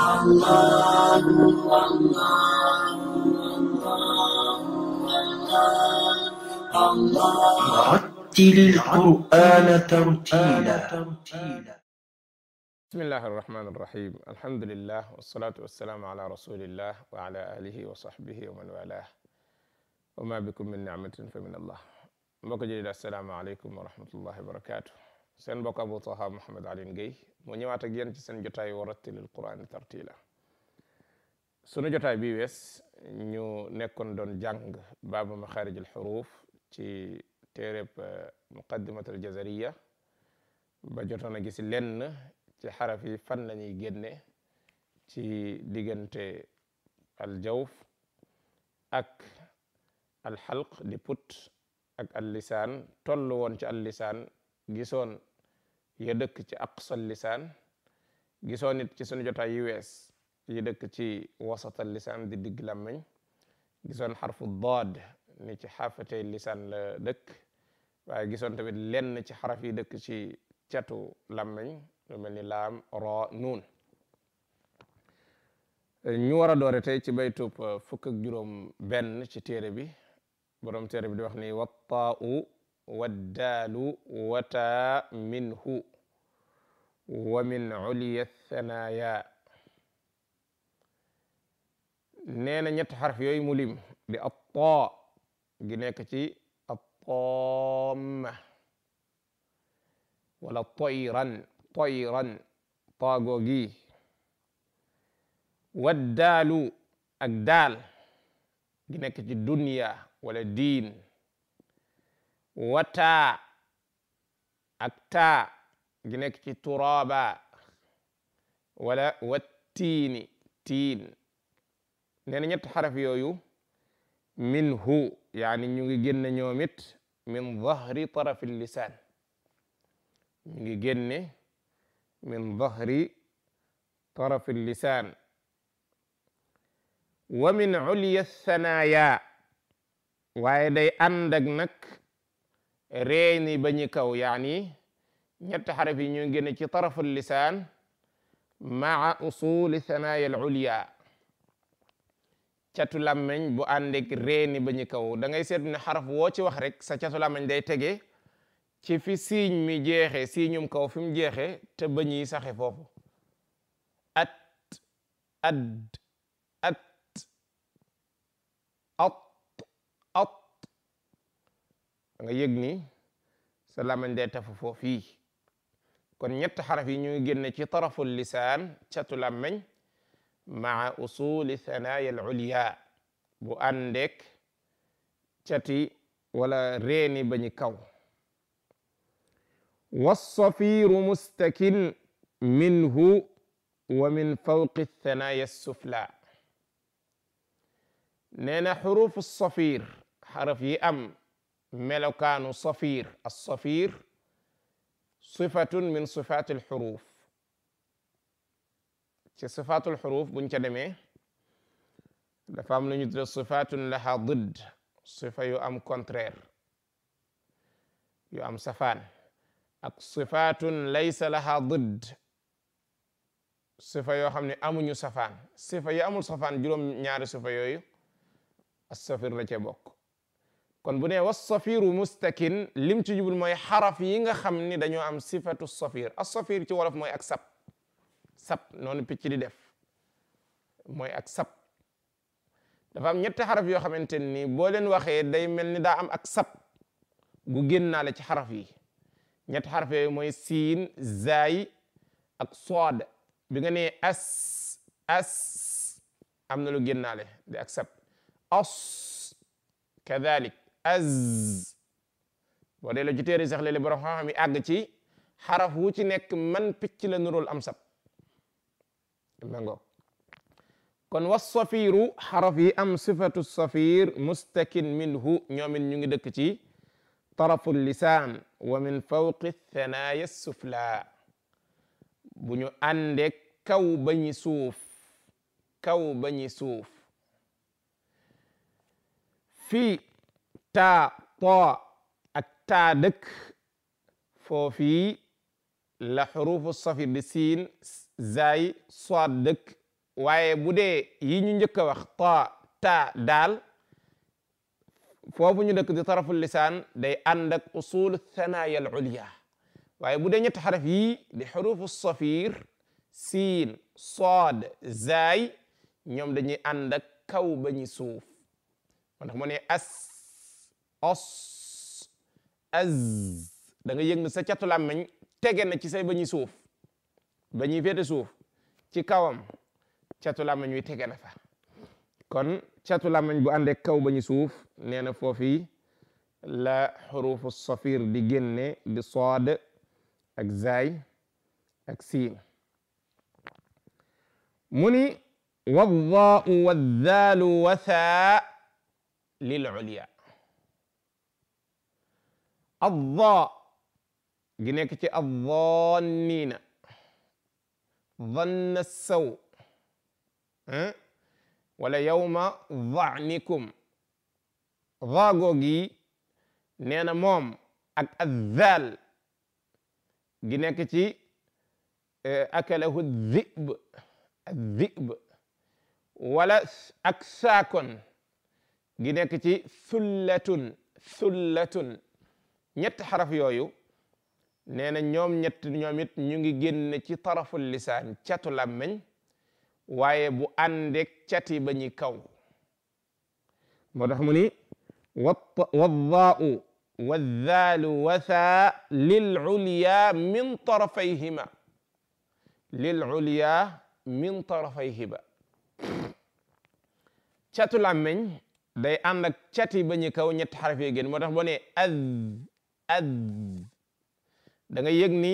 الله الله الله الله رتل القرآن ترتيلا بسم الله الرحمن الرحيم الحمد لله والصلاة والسلام على رسول الله وعلى آله وصحبه ومن والاه وما بكم من نعمة فمن الله السلام عليكم ورحمة الله وبركاته seen mbokk Abou Taha Mouhamed Alioune Guèye mu ñëwaat ak yéen ci seen jotaay wa rattilil qur'ani tartila sunu jotaay bi wees ñu nekkoon doon jàng baabu maxaarij al xuruuf ci téereb eh, muqaddimat al jazariya ba jotoon a lenn ci xaraf yi fan la génne ci diggante al jawf ak al di put ak al lisaan toll woon ci gisoon ya dëkk ci aqsal lisaan gisoo nit ci sunu jotaay yu wees yi dëkk ci wasatal lisaan di digg làmmiñ gisoon xarfu daad ni ci xaafatee lisaan la dëkk waaye gisoon tamit lenn ci xaraf yi dëkk ci catu làmmiñ lu mel ni laam ro nuun ñu wara a doore tey ci baytub fukk juróom benn ci téere bi borom téere bi di wax ni wattaa'u waddaalu wata minhu wa min uliya thanaya nena na ñetti xarf yooyu mu lim di attaa gi nekk ci attaamma wala toyran toyran taago gi waddaalu ak daal gi nekk ci dunya wala diin wata ak taa gi nekk ci turaba wala wattiini tiin nee na ñett xaraf yooyu min hu yaani ñu ngi génne ñoom it min dahri tarafi lisaan ñu ngi génne min dahri tarafi lisaan wa min ulya thanaaya waaye day ànd ak nag reeni ba ñi kaw yaani ñetti xaraf yi ñoo génn ci taraful lisaan maa usuli thanaaya al ulya catu làmmeñ bu àndeg reeni ba ñi kaw da ngay ni ne xaraf woo ci wax rek sa catu làmmeñ day tege ci fi siiñ mi jeexe siiñum kaw fi mu jeexe te bañi saxe foofu at nga yëg ni sa lamañ day tafu foofii kon ñett xaraf yi ñu ngi génne ci taraful lisaan catu làmmeñ maa usuli thanaaya al ulya bu àndeek cati wala reeni bañu kaw wassafiiru mustakin minhu wa min fawqi thanaaya sufla nee na xurufu safir xaraf yi am melokaanu safiir as-safiir sifatun min sifaatil xuruuf ci sifaatul xuruuf buñ ca demee dafa am lu ñu tudde laha didd sifa yu am contraire yu am safaan ak sifatun laysa laha didd sifa yoo xam ne amuñu safaan sifa amul safaan juróom ñaari sifa yooyu as-safiir la ca bokk kon bu nee was safiru mustakin lim ci jubul mooy xaraf yi nga xam ni dañoo am sifatu safir as safir ci wolof mooy ak sab sab noonu picc di def mooy ak sab dafa am ñetti xaraf yoo xamante ni boo leen waxee day mel ni daa am ak sab gu génnaale ci xaraf yi ñetti xaraf yooyu mooy siin zaay ak sood bi nga nee as as am na lu génnaale di ak sab os kadalik az boo delloo ci téere sax léeg-léeg borom xam-xam ci xaraf wu ci nekk man picc la nurul am sab kon was safiiru xaraf yi am sifatu safir mustakin minhu ñoomin ñu ngi dëkk ci tarafu lisaan wa min fawqi thanaaya sufla bu ñu ànde kaw bañi suuf kaw bañi suuf fii taa too ak taa dëkk foofii la xurufu safi di siin zaay sood dëkk waaye bu dee yi ñu njëkk a wax taa taa daal foofu ñu dëkk di tarafu lisaan day ànd ak usul thanaaya al ulya waaye bu dee ñetti xaraf yi di xurufu safiir siin sood zaay ñoom dañuy ànd ak kaw ba ñu suuf moo tax mu ne as os az da nga sa catu làmmiñ tege na ci say bañuy suuf bañuy féete suuf ci kawam catu làmmiñ wi tege na fa kon catu làmmiñ bu àndee kaw bañuy suuf nee na foofi la xurufu safir di génne di sood ak zaay ak siin mu ni waddaau waddaalu wathaa lil ulya addaa gi nekk ci addaanniina danna saw wala yawma danikum daagoo gi nee na moom ak azzaal gi nekk ci eh, akalahu dhib dhib wala ak saakon gi nekk ci sullatun sullatun ñetti xaraf yooyu nee ñoom ñett ñoom it ñu ngi génn ci taraful lisaan catu làmmeñ waaye bu àndeek cati ba ñi kaw moo tax mu ni waddaau waddaalu wathaa lil ulya min tarafayhima lil ulya min tarafayhima catu làmmeñ day ànd ak cati ba ñi kaw ñetti xaraf yooyu génn ad da nga yëg ni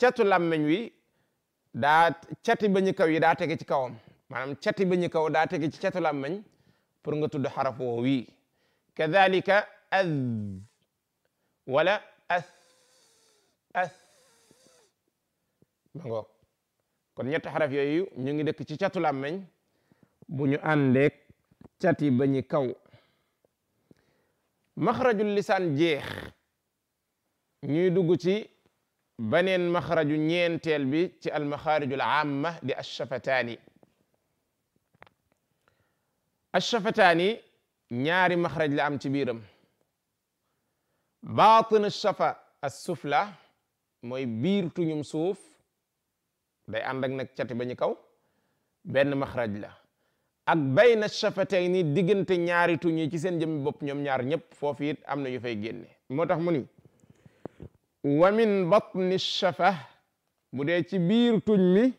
catu làmmeñ wi daa cati ba ñu kaw yi daa tege ci kawam maanaam cati ba ñu kaw daa tege ci catu làmmeñ pour nga tudd xaraf woowu wi kadalika ad wala as as ma kon ñetti xaraf yooyu ñu ngi dëkk ci catu làmmeñ bu ñu àndeek cati ba ñu kaw maxrajul lisaan jeex ñuy dugg ci baneen maxaraju ñeenteel bi ci almaxaarijul aamma di ashafataani ashafataani ñaari maxraj la am ci biiram baatin shafa assufla mooy biir tuñum suuf day ànd ak nag cati ba ñu kaw benn maxraj la ak bayna shafatayni diggante ñaari tuñ ci seen jëmmi bopp ñoom ñaar ñëpp foofu it am na yu fay génne moo tax mu wa min batni shafah bu dee ci biir tuñ mi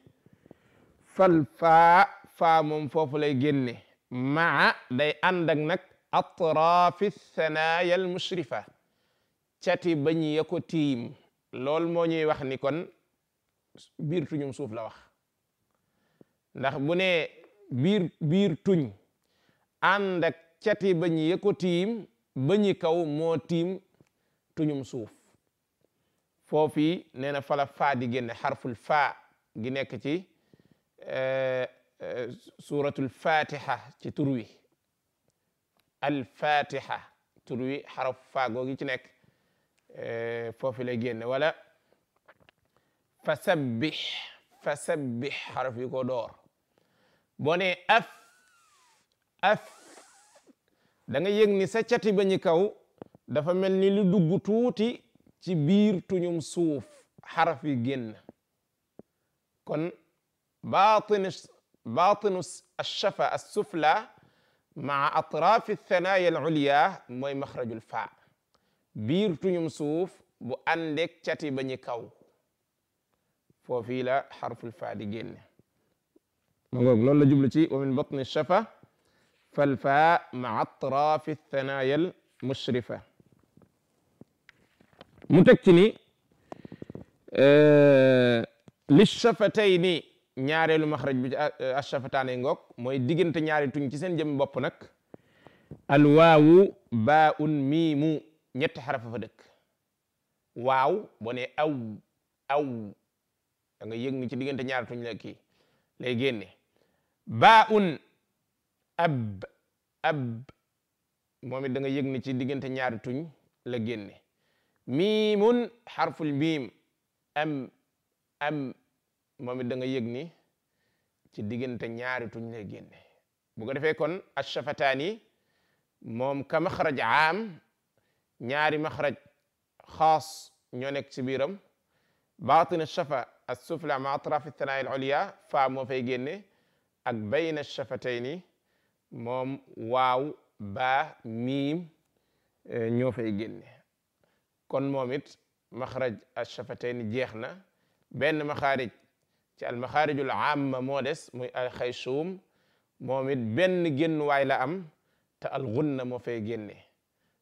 fal faa foofu lay génne ma day ànd ak nag atraafi thanaaya al mushrifa cati bañ ko tiim lool moo ñuy wax ni kon biir tuñum suuf la wax ndax bu ne biir tuñ ànd ak cati bañ ya ko tiim bañi kaw moo tiim tuñum suuf foofi nee na fala faa di génne xarful faa gi nekk ci eh, eh, suratul fatiha ci tur wi alfatiha tur wi xaraf faa googi ci nekk eh, foofi lay génne wala fasabbix fasabbix xaraf yi ko door boo af af da nga yëg ni ba ñi kaw dafa mel ni lu dugg tuuti ci biir tuñum suuf xaraf yi génn kon باطن باطن الشفا السفلى مع اطراف الثنايا العليا موي مخرج الفاء بير تنيم سوف بو اندك تاتي بني كاو فوفي لا حرف الفاء دي جن مغوغ لولا جملتي ومن بطن الشفا فالفاء مع اطراف الثنايا المشرفه mu teg ci ni e, li shafatayni ñaareelu maxraj bi e, ashafataane ngoog mooy diggante ñaari tuñ ci seen jëm bopp nag alwaawu baa un miimu ñetti xarafa fa dëkk waaw boo ne aw aw da nga ci diggante ñaari tuñ la kii lay génne baa un ab ab moom it da yëg ci diggante ñaari tuñ la génne miimun xarful miim am moom it da nga ni ci diggante ñaari tuñ lay génne bu ko defee kon ashafataani moom ka maxraj aam ñaari maxraj xaas ñoo nekk ci biiram baatin shafa assufla ma atraf thanaa al ulya faa moo fay génne ak bayna shafatayni moom waaw baa miim eh, ñoo fay génne kon moomit it maxraj ash-shafatayni jeex na benn maxaarij ci almaxaarijul aamma moo des muy alxaysuum moom it benn génn waay la am te alxunna moo fay génne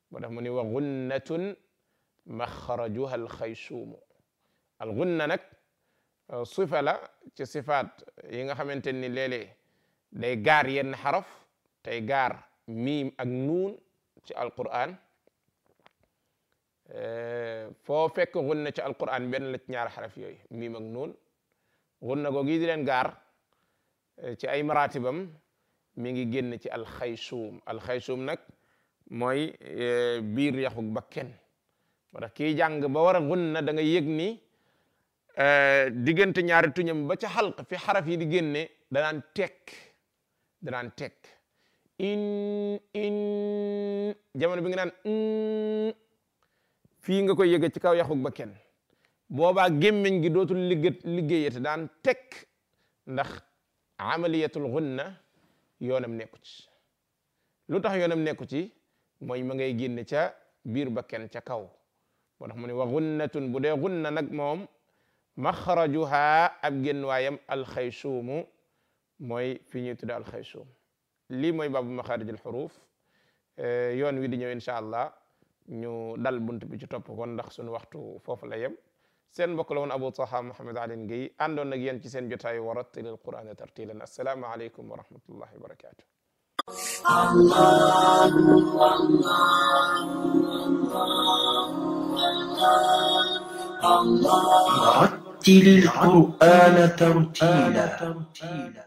moo tax mu ni wa xunnatun maxrajuha alxaysuumu alxunna nag euh, sifa la ci sifaat yi nga xamante ni léeg-léeg day gar yenn xaraf tey gar miim ak nuun ci alquran foo fekk gunna ci alquran benn la ci ñaar xaraf yooyu miim ak nuun gunna googi di leen gaar eh, ci ay maratibam mi ngi génn ci alxaysuum alxaysuum nag mooy eh, biir yaxug bakken kenn tax kii jàng ba war a gunna da nga yëg ni eh, diggante ñaari tuñam ba ca xalq fi xaraf yi di génne danaan tekk danaan tekk in fii nga koy yëge ci kaw yaxug ba kenn boobaa gémmiñ gi dootul liggéey liggéeyate daan tekk ndax amaliyatul ghunna yoonam nekku ci lu tax yoonam nekku ci mooy ma ngay génn ca biir ba kenn ca kaw moo tax mu ne wa ghunnatun bu dee gunna nag moom maxrajuha ab génn waayam alxaysuumu mooy fi ñuy tudde alxaysuum lii mooy baabu maxaarijil xuruuf yoon wi di ñëw incha allah ñu dal bunt bi ci topp kon ndax suñu waxtu foofu la yem seen mbokk la woon Abou Taha Mouhamed Alioune Guèye àndoon ak yéen ci seen jotaayu wa rattilil qur'ana tartilan asalaamaaleykum wa rahmatullahi wa barakatuh رتل القرآن ترتيلا